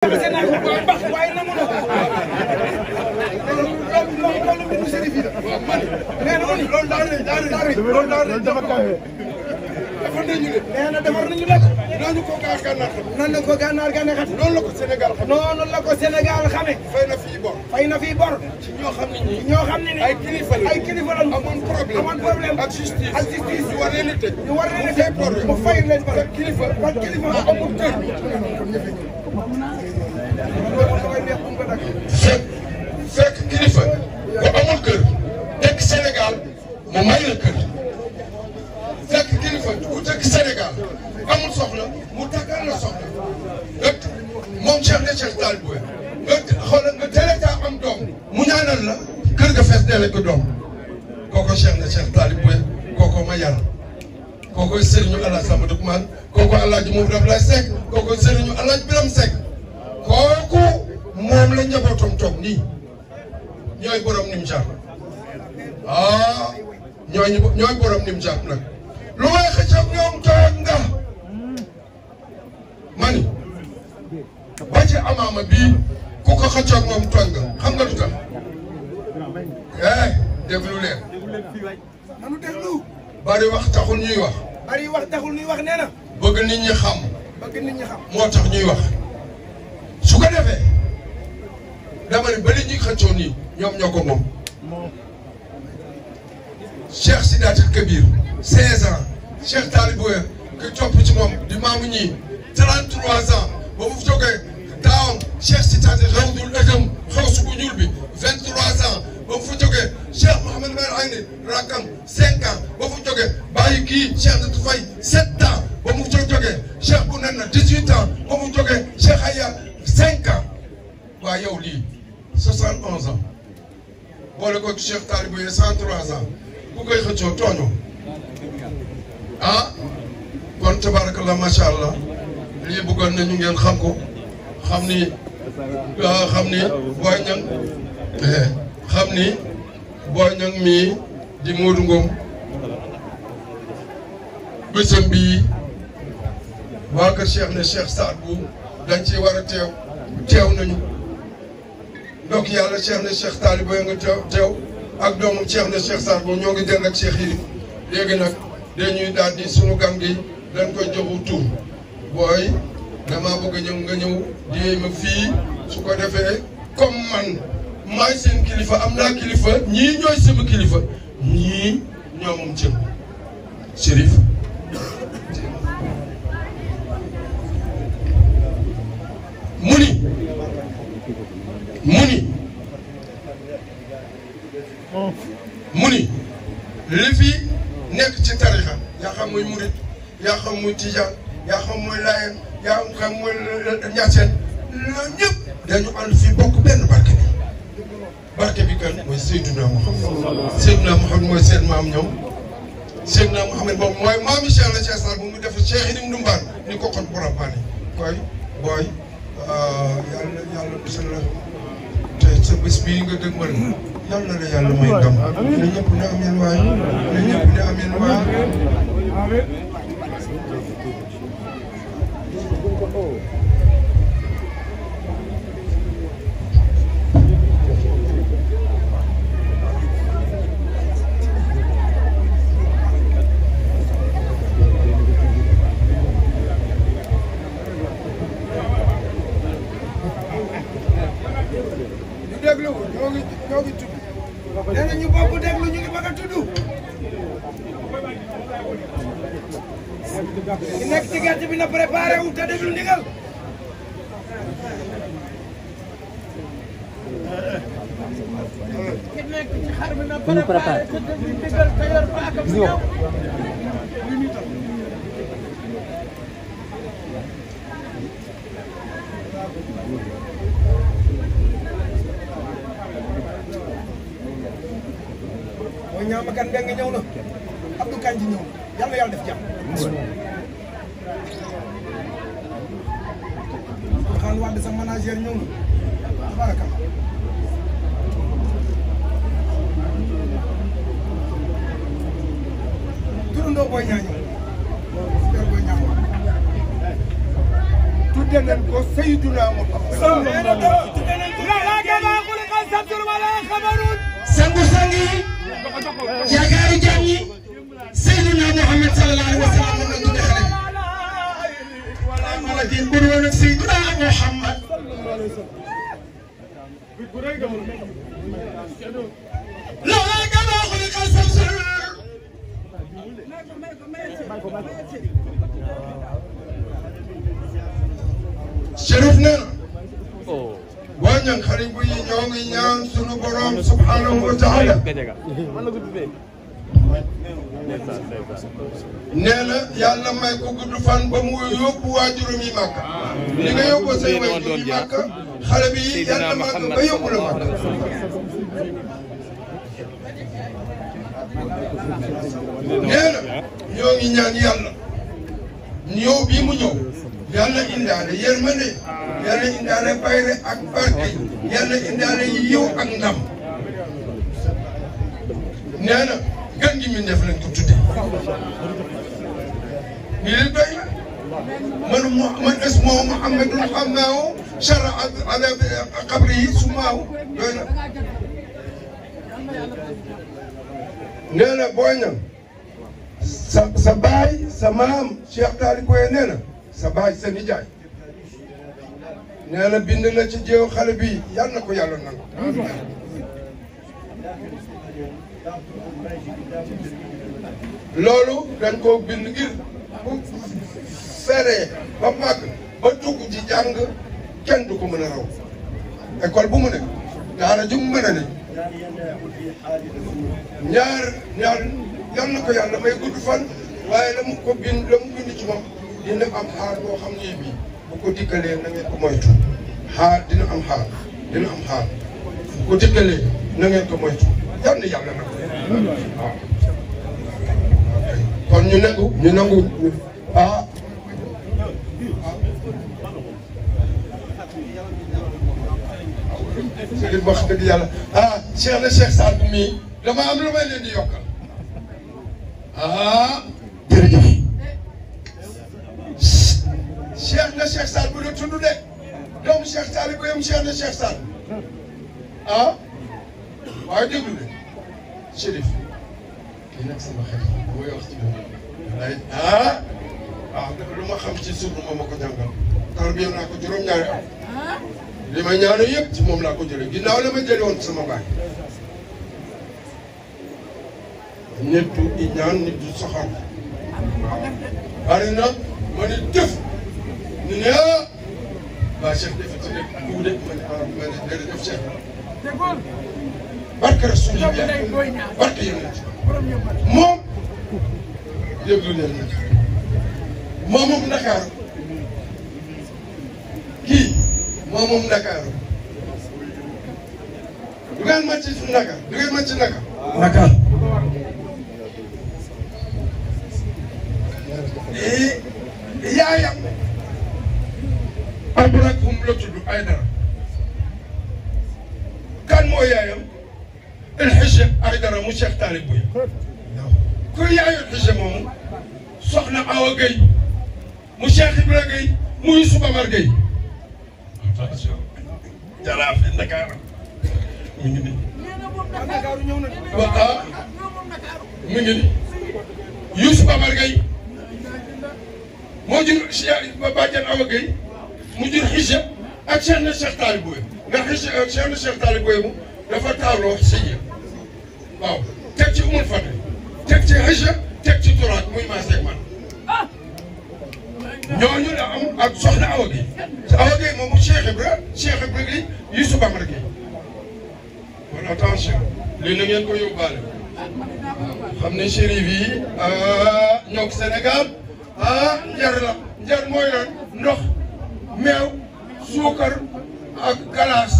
waaye nangu na loolu loolu mbiru sëriñ bi la man nee na loolu daal di daal daal dafa kawe defar nañu lépp nee na defar nañu lépp nañu ko gaal gànnaar xam nan la ko gànnaar gànnaar xam noonu la ko Sénégal xam noonu la ko Sénégal xame fay na fii bor fay na fii bor ci ñoo xam ne ñii ñoo xam ne ni ay kilifa la ay kilifa la amoon problème amoon problème ak justice ak justice ñu war leen a tëj ñu war leen a tëj bor mu fay leen bor kilifa ban kilifa amul kër fekk fekk kilifa bu amul kër dëkk Sénégal mu may kër fekk kilifa bu dëkk Sénégal amul soxla mu takkal la soxla nga moom Cheikh de Cheikh Tall Bouye nga xoolal nga teel am doom mu ñaanal la kër ga fees dee la doom kooko Cheikh de Cheikh Tall Bouye kooko ma yar kooko Serigne Alassane Madoumane kooko El Hadj Mouride Abdoulaye Seck kooko Serigne Alassane Biram Seck. kooku moom la njabootam toog nii ñooy borom nim jaar ah ñooy ñooy borom nim jaar nag lu may xëcc ñoom toog nga mani ba amaama bii ku ko xëccoog moom toog nga xam nga lu tax eh déglu leen nanu déglu wax taxul ñuy wax bari wax taxul ñuy wax nee na bëgg nit xam moo tax ñuy wax su ko defee dama ne bële ñuy xëccoo nii ñoom ñoo ko moom Cheikh Sidaata Kabir 16 ans Cheikh Talibouya ki topp ci moom di maamu ñii 33 ans ba mu fi jógee taawam Cheikh Sidaata rawdul ëttam xaw su bu ñuul bi 23 ans ba mu fa jógee Cheikh Mouhamed Mbaye Agne rakam 5 ba mu fa jógee bàyyi kii Cheikh Natou Faye 7 ba mu fa jógee Cheikh Bounana 18 ba mu fa jógee Cheikh Touba yow lii 71 ans boole ko Cheikh Talibou yee 103 ans ku koy xëccoo tooñoo ah kon tabarakallah macha allah lii bëggoon nañu ngeen xam ko xam ni ah, xam ni Boy Niang eh, xam ni Boy Niang mii di Modou Ngom bésam bii waa kër Cheikh ne Cheikh Saad bu dañ ci war teew teew nañu donc yàlla cheikh na cheikh Taliba nga teew ak doomam cheikh na cheikh Sarr ñoo ngi dend ak cheikh yi léegi nag dañuy daal di sunu gan gi dañ koy joxu tur booy damaa bëgg a ñëw nga ñëw di ma fii su ko defee comme man maay seen kilifa am naa kilifa ñii ñooy sama kilifa ñii ñoo moom cëm Chérif mu ni mu ni mu ni li fi nekk ci tarixa yaa xam muy murit yaa xam muy tijaan yaa xam muy laayeen yaa xam muy ñaseen loolu ñëpp dañu ànd fii bi barke mooy Seydina Muhammad Seydina Muhammad mooy seen maam ñoom Seydina moom mooy maam Cheikh la Cheikh bu mu def Cheikh ni mu ni ko xon koy booy yàlla yàlla bisala sa bés bii nga dëgmal yàlla la yàlla may ndam ne ñëpp ne ameen waay ne ñëpp ne ameen waay Thank you. mooy ñaamakan mbeng ñëw na Abdou Kandji ñëw yàlla yàlla def jàmm waxaan waat sa manager ñëw na tabarakam turandoo booy ñaa ñëw super booy ñaa ñëw tudde nañ ko Seydina Muhammad sallallahu alayhi wa sallam la la gaba xul xasabtul wala xabarun sangu sangi yaakaaru jaam ñi Seydina Muhammad sallallahu alayhi wa sallam moom la ñu tuddee xale bi. ma la jëm bu dul woon ak Seydina Muhammad. loolu. subhanahu wa taala nee may ko gudd fan ba mu yóbbu waajuram yi màkka li nga yóbbu say waajur yi màkka xale bi yàlla màkka ba yóbbu la màkka nee na ñaan yàlla ñëw mu ñëw yàlla indaale yërmande indaale bayre ak barke yàlla indaale yiw ak ndam nee na gan gi ñu def lañ ko ni leen doy na man moo man ismoo Muhammadun xam naa woo chara adab xabri yi su maaw doy na nee na booy na sa sa baay sa maam Cheikh Taali Koye nee ci jéew xale bi yal na ko yàlla loolu dañ koo bind ngir bu seree ba màgg ba dugg ci jàng kenn du ko mën a raw école bu mu ne daara ju mu mën a ne ñaar ñaar yal na ko yàlla may gudd fan waaye la mu ko bind la mu bind ci moom dina am xaar boo xam ne bii bu ko dikkalee nangeen ko moytu xaar dina am xaar dina am xaar bu ko dikkalee na ngeen ko moytu yal na yàlla na ko waaw kon ñu nangu ñu nangu ah. sëriñ wax dëgg yàlla ah Cheikh na Cheikh Saad mii dama am lu may leen di yokkal ah na Cheikh Saad bu la tudd de doomu Cheikh Saad ko yem Cheikh na Cheikh Saad ah waaye déglu de Chérif di nekk sama xel ah, ah, ma xam ci suuf moom ma ko jàngal tarbiya naa ko juróom-ñaari ah? li ma ñaano yëpp ci moom laa ko jëlee ginnaaw la ma jëlee woon sama baay nit du iñaan nit du ma ne def ne ah waa Cheikh dafa ci nekk duude ma ne ah ma ne jërëjëf Cheikh barke Rasulillah barke yonent moom déglu leen moomum Dakar kii moomum Dakar du ngeen màcc ci Dakar du ngeen màcc Dakar. Dakar. Eh, yaayam. Abdoulaye Koum la tudd ay dara. doomu Cheikh Talib Bouya ku yaayu xise moomu soxna Awa Gueye mu Cheikh Ibra Gueye mu Youssou Bamar Gueye attention jaraaf di Ndakaaru mu ngi nii waaw ah, mu ngi nii Youssou Bamar Gueye moo jur Cheikh bàjjan Awa Gueye mu jur xise ak Cheikh na Cheikh Talib Bouya ndax xise ak Cheikh na Cheikh Talib Bouya mu dafa taaloo xise waaw teg ci umul fate teg ci hëja teg ci turaat muy maase ak man ah. ñooñu la am ak soxna Awa Guèye te Awa Guèye moomu Cheikh Ibra Cheikh Ibra gi Youssou Bamara Guèye kon attention lii na ngeen ko yóbbaale xam ne chérif yi ah, ñoog Sénégal ah njar la njar mooy lan ndox meew suukar ak galaas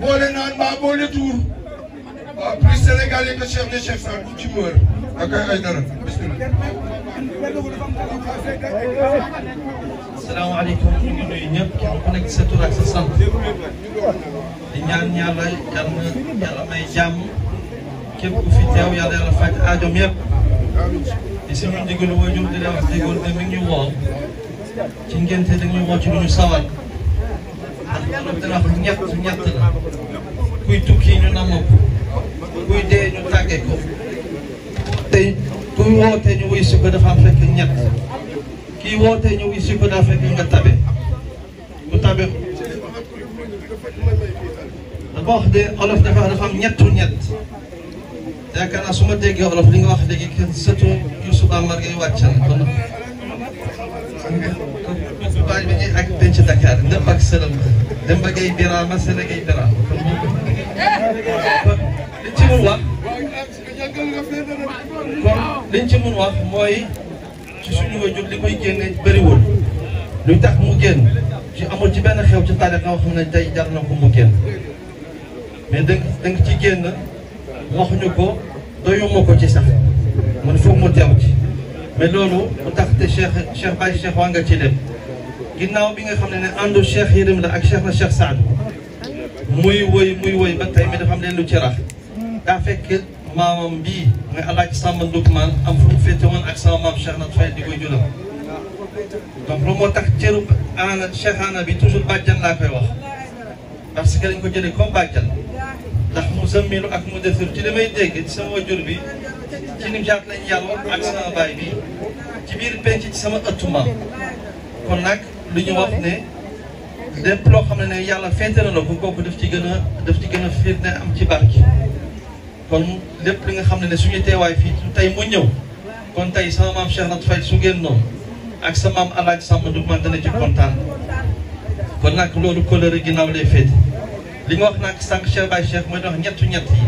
boole naan mbaa boole tuur waaw plus sénégalais que chef de chef sax ku ci mër ak ay dara bisimilah. asalaamaaleykum ñu ngi nuyu ñëpp ku sa sant ñaan yàlla yal na may jàmm képp ku fi teew yàlla yàlla faj aajoom yëpp di suñu ndigalu waajur di la wax ndigal ne mi ngi ñu woo ci ngénte dañuy woo ci lu ñu sawar ndax loolu dina wax ñett ñett la kuy tukki ñu namm ko buy dee ñu tàggee ko te kuy woote ñu wuy si ko dafa am fekk ñett kii woote ñu wuy si ko daa fekk nga tabe bu tabe dafa wax de olof dafa wax dafa am ñettu ñett yaakaar naa su ma déggee olof li nga wax léegi kenn surtout Youssouf Amar ngay wàccal kon baaj bi ñuy ak denc Dakar ndem ak sëlam dem ba ngay biraama sële ngay biraama mun wax kon liñ ci mun wax mooy ci suñu wajur li koy génne bëriwul luy tax mu génn ci amul ci benn xew ci tàggat nga xam ne tey jar na ko mu génn mais da nga ci génn waxuñu ko doyuma ko ci sax man foog mu teew ci mais loolu mu tax te Cheikh Cheikh Baye Cheikh waa nga ci dem ginnaaw bi nga xam ne ne àndu Cheikh Yérim la ak Cheikh na Cheikh Saad muy woy muy woy ba tey mi dafa am leen lu ci rax daa fekk maamam bii mooy Alaaji Samba Ndouckman am fu mu ak sama maam Cheikh Nat Faye di koy jural donc loolu moo tax cëru ana Cheikh ana bi toujours bàjjan laa koy wax parce que dañ ko jëlee comme bàjjan mu zammilu ak mu desir ci li may dégg sama wajur bi ci nim jaat lañ yàlla ak sama baay bi ci biir penc ci sama ëttu maam kon nag lu ñu wax ne lépp loo xam ne ne yàlla féete na ko kooku daf ci gën a daf ci gën am ci barke kon lépp li nga xam ne ne suñu teewaay fii tey mu ñëw kon tey sama maam Cheikh Nat Faye su ngeen noonu ak sa maam alaaj Samba Diouf man dana ci kontaan kon nag loolu kóllëre ginnaaw lay féete li nga wax nag sànq Cheikh Baye Cheikh mooy wax ñettu ñett yi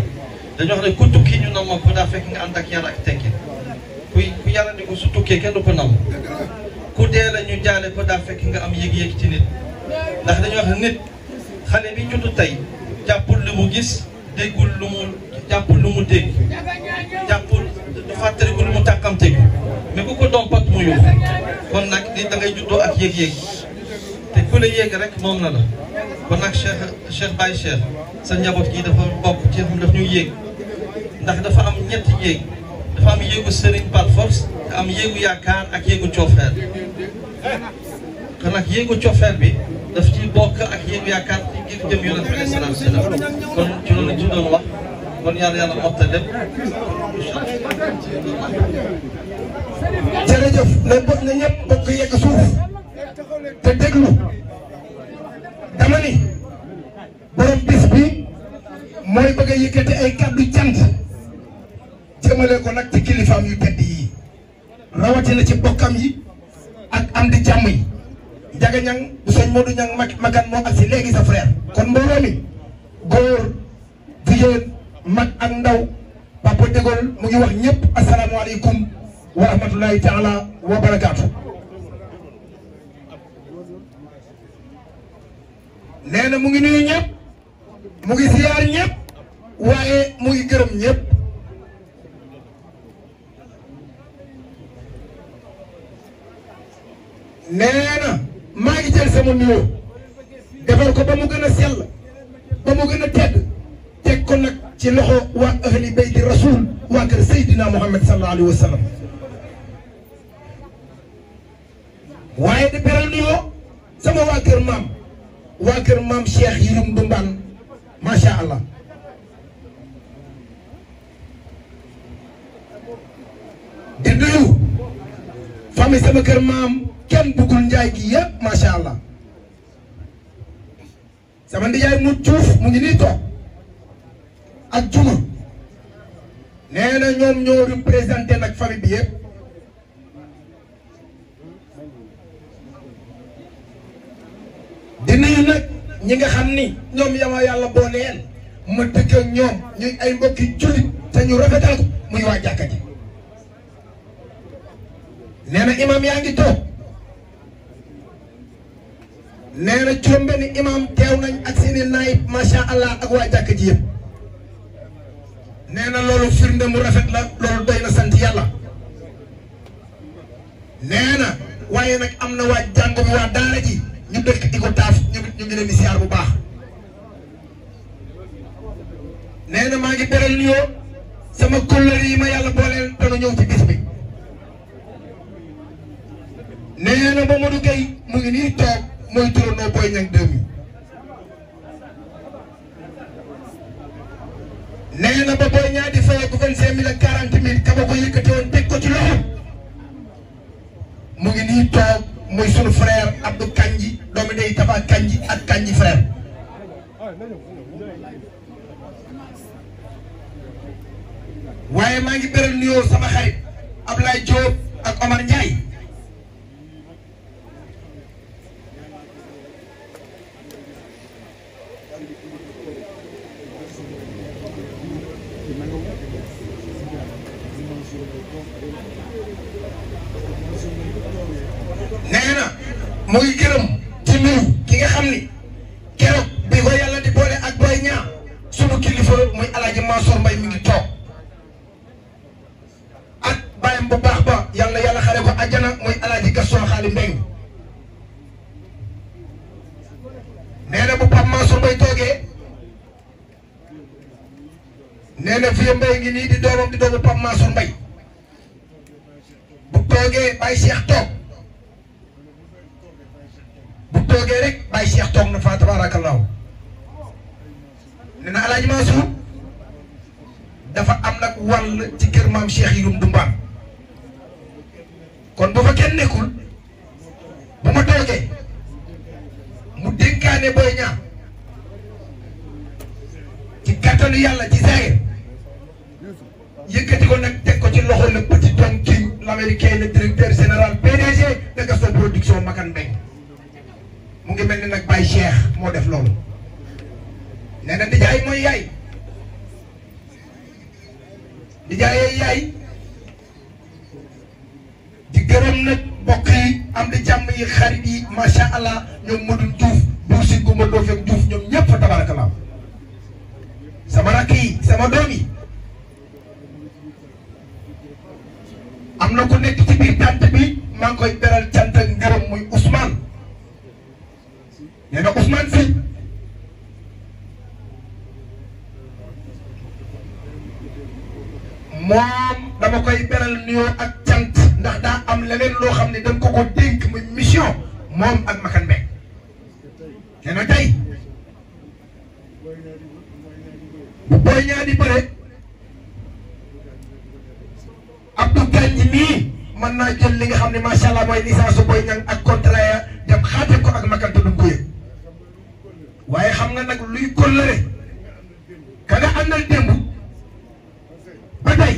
dañu wax ne ku tukki ñu namm ko daa fekk nga am ak yàlla ak tekki ku ku yàlla di ko su tukkee kenn ko namm ku dee la ñu jaale ko daa fekk nga am yëg-yëg ci nit ndax dañu wax nit xale bi juddu tey jàppul li gis déggul lu mu jàppul lu mu dégg jàppul du fàttaliku lu mu tàkkamte mais ku ko dompat mu ni da ngay juddoo ak yéeg-yéeg te ku la yéeg rek moom na la kon nag Cheikh Cheikh Baye sa njaboot gi dafa bokk ci xam daf ñu yéeg ndax dafa am ñetti yéeg dafa am yéegu sëriñ par force am yéegu yaakaar ak yéegu coofeel kon nag yéegu coofeel bi daf ci bokk ak na ñëpp bokk yegg suuf te déglu dama ni borom bis bi mooy bëgg a yëkkati ay kàddu cant jëmale ko nag ci kilifaam yu tedd yi rawatina ci bokkam yi ak am di jàmm yi Njaga Ñang bu sëñ Modou Ñang magan moo agsi léegi sa frère kon mbooloo mi góor jigéen mag ak ndaw Papa Dégol mu ngi wax ñëpp asalaamaaleykum wa rahmatulahi taala wa barakaatu nee na mu ngi nuyu ñëpp mu ngi siyaar ñëpp waaye mu ngi gërëm ñëpp nee maa ngi jël sama nuyoo defar ko ba mu gën a sell ba mu gën a tedd teg ko nag ci loxo waa ahli bayti rasul waa kër Seydina Muhammad sallallahu alayhi wa sallam waaye di beral nuyoo sama waa kër maam waa kër maam Cheikh Yirim Dumbaan macha allah. di nuyu famille sama kër maam. kenn duggul njaay gi yëpp macha allah sama ndijaay mu Juuf mu ngi nii toog ak Juma nee na ñoom ñoo représenté nag famille bi yëpp di nag ñi nga xam ni ñoom yama yàlla booleel ma dëkk ak ñoom ñuy ay mbokki jullit te ñu rafetal muy waa jàkka nee na imam yaa ngi toog nee na juróom-benn imam teew nañ ak seeni naayib macha allah ak waa jàkk ji yëpp nee na loolu firnde mu rafet la loolu doy na sant yàlla nee waaye nag am na waa jàngu bi waa daara ji ñu dëkk di ko taaf ñu ñu ngi di siyaar bu baax na maa ngi beral nuyoo sama kóllëre yi ma yàlla booleel dana ñëw ci bis bi nee na Mamadou mu ngi nii toog mooy turandoo Boy Niang 2000 nee na ba Boy Niang di fayeeku vingt cinq mille ak quarante mille ka ba ko yëkkate woon ko ci loxo mu ngi nii toog muy sunu frère Abdou Kanji doomi day Taba Kanji ak Kanji frère waaye maa ngi beral nuyoo sama xarit Ablaye Diop ak Omar Ndiaye nee na fii mbay ngi nii di doomam di doomu Pape Mansour Mbaye bu toogee Baye Cheikh toog bu toogee rek Baye Cheikh toog na fa tabaarakallaahu nee na El Hadj Mansour dafa am nag wàll ci kër maam Cheikh Yirim Dumbaan kon bu fa kenn nekkul bu ma toogee mu dénkaane booy ñaar ci kattanu yàlla ci saa c'est le petit homme qui l'américain le directeur général PDG de Gaston production Makan mu ngi mel ni nag Baye Cheikh moo def loolu nee na nijaay mooy yaay nijaayee yaay di gërëm nag mbokk yi am di jàmm yi xarit yi macha allah ñoom Modou Diouf Boursine Goumba Dofek Diouf ñoom ñëpp fa tabarakallah sama rakk yi sama doom yi. maa ngi koy beral cant ak ngërëm muy Ousmane nee na Ousmane si moom dama koy beral nuyoo ak cant ndax daa am leneen loo xam ne dañ ko ko dénk muy mission moom ak Makan Mbeng nee na tey bu booy ñaari bëre Abdou Kandji mën naa jël li nga xam ne macha allah mooy licence booy ñang ak contrat dem xaatim ko ak makante du ko waaye xam nga nag luy kóllëre ka nga àndal démb ba tey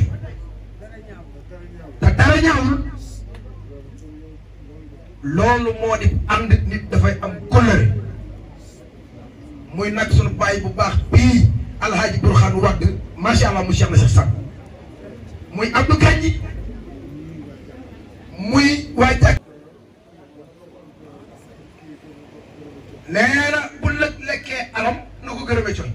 te dara ñaawul loolu moo di ànd nit dafay am kóllëre muy nag sunu bàyyi bu baax bii alhaaji burxaan wadd macha allah mu cheikh na cheikh sàmm muy abdou kanji muy waa jàkk nee bu lekkee alam na ko gërëme coy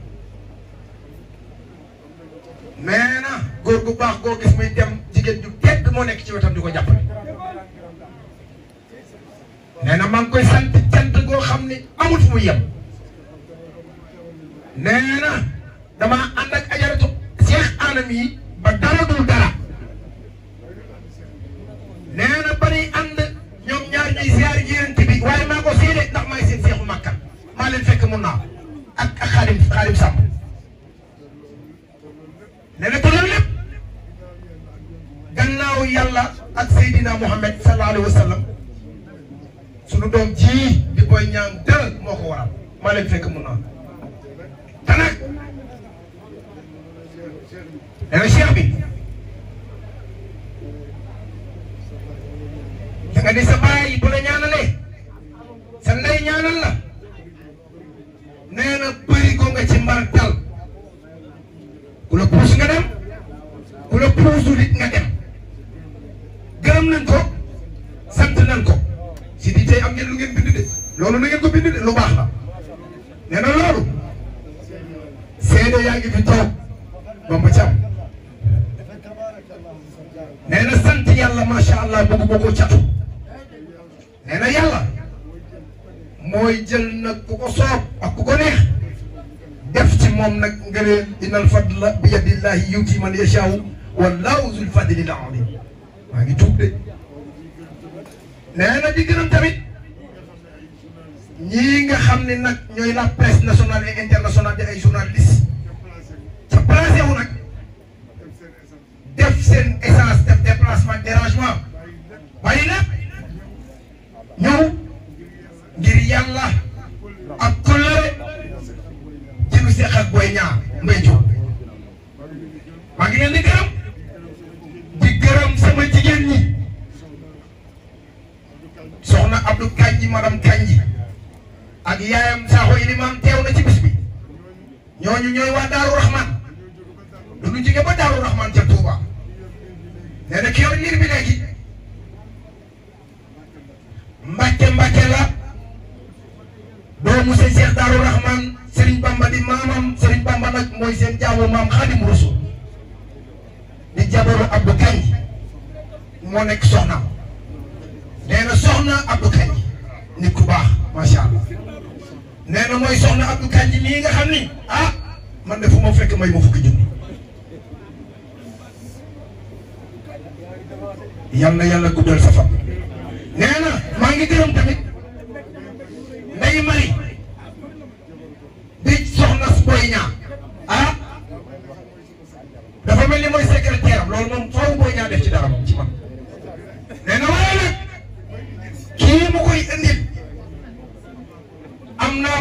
nee na góor gu baax goo gis muy dem jigéen ju tedd moo nekk ci wetam di ko jàppale nee maa ngi koy sant cant goo xam ne amul fu muy yem nee na dama ànd ak ajaratu seex anam yi ba dara dul nee na ba ñuy ànd ñoom ñaar ñuy ziar yéent bi waaye maa ko seede ndax maay seen seexu makka maa leen fekk mun naa ak ak xaalim xaalim sàmm nee na tolloon lépp gannaaw yàlla ak Seydina Muhammad sallallahu alayhi wa sallam sunu doom ji di koy ñaan dara moo ko waral maa leen fekk mun naa te nag nee na cheikh bi. ne sa baay man yashaaw wallahu zul fadlil ngi tuub de nee na di gërëm tamit ñii nga xam ne nag ñooy la presse nationale et internationale di ay ca placé wu def seen essence def déplacement dérangement bàyyi lépp ñëw ngir yàlla ak kóllëre ci lu seq ak Boy Niang mbay maa ngi leen di gërëm di gërëm sama jigéen ñi soxna Abdou Kanji madame Kanji ak yaayam Sakho Ilimam teew na ci ñooñu ñooy waa Daaru Rahman du ñu jóge ba Daaru Rahman ca Touba nee na ki yor liir bi léegi Mbàkke Mbàkke la doomu seen Cheikh Daaru Rahman Serigne Bamba di maamam Serigne Bamba nag mooy seen jaamu maam Xaadimu Rasuul moo nekk soxnaam nee na soxna ku baax macha allah nee mooy soxna Abdou Kandji mii nga xam ni ah man de fu ma fekk may ma fukki junni yal na yàlla guddal sa fan. nee na maa ngi gërëm tamit Ndeye Marie di soxna Boy Niang ah dafa mel ni mooy secrétaire loolu moom faaw Boy Niang def ci dara ci man. lii mu koy indil am naa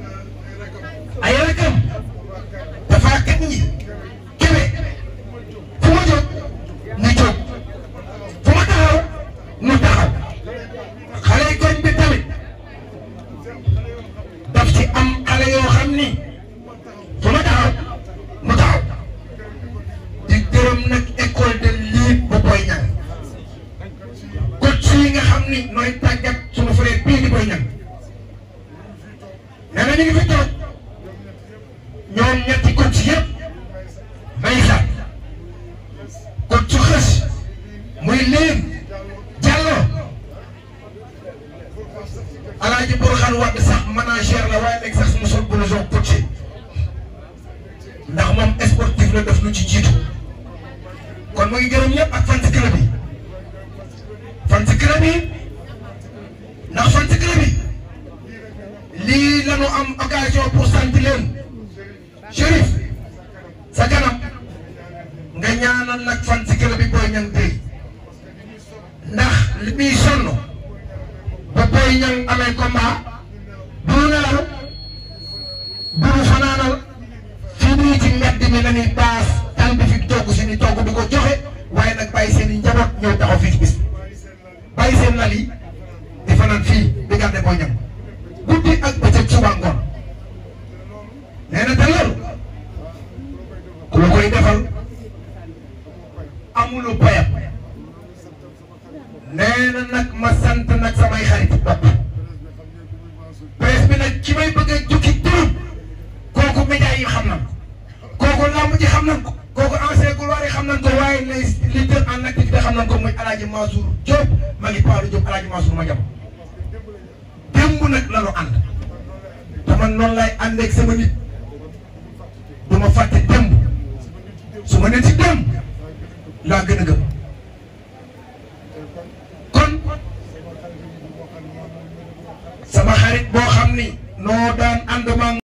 na waaye nag sax mu sol blouson coté ndax moom sportif la def lu ci jiitu kon mu ngi gërëm ñëpp ak fan si club yi fan si ndax fan si lii la ñu am occasion pour sant leen Chérif sa kanam nga ñaanal nag fan si club yi tey ndax li muy sonn ba Boy Niang amee nelaw du ñu fanaanal fii nii ci mbedd mi la ñuy baas di ko joxe waaye nag bàyyi seen i njaboot ñëw tax fii ci bis bàyyi seen lal yi di fanaan fii di gàdde boo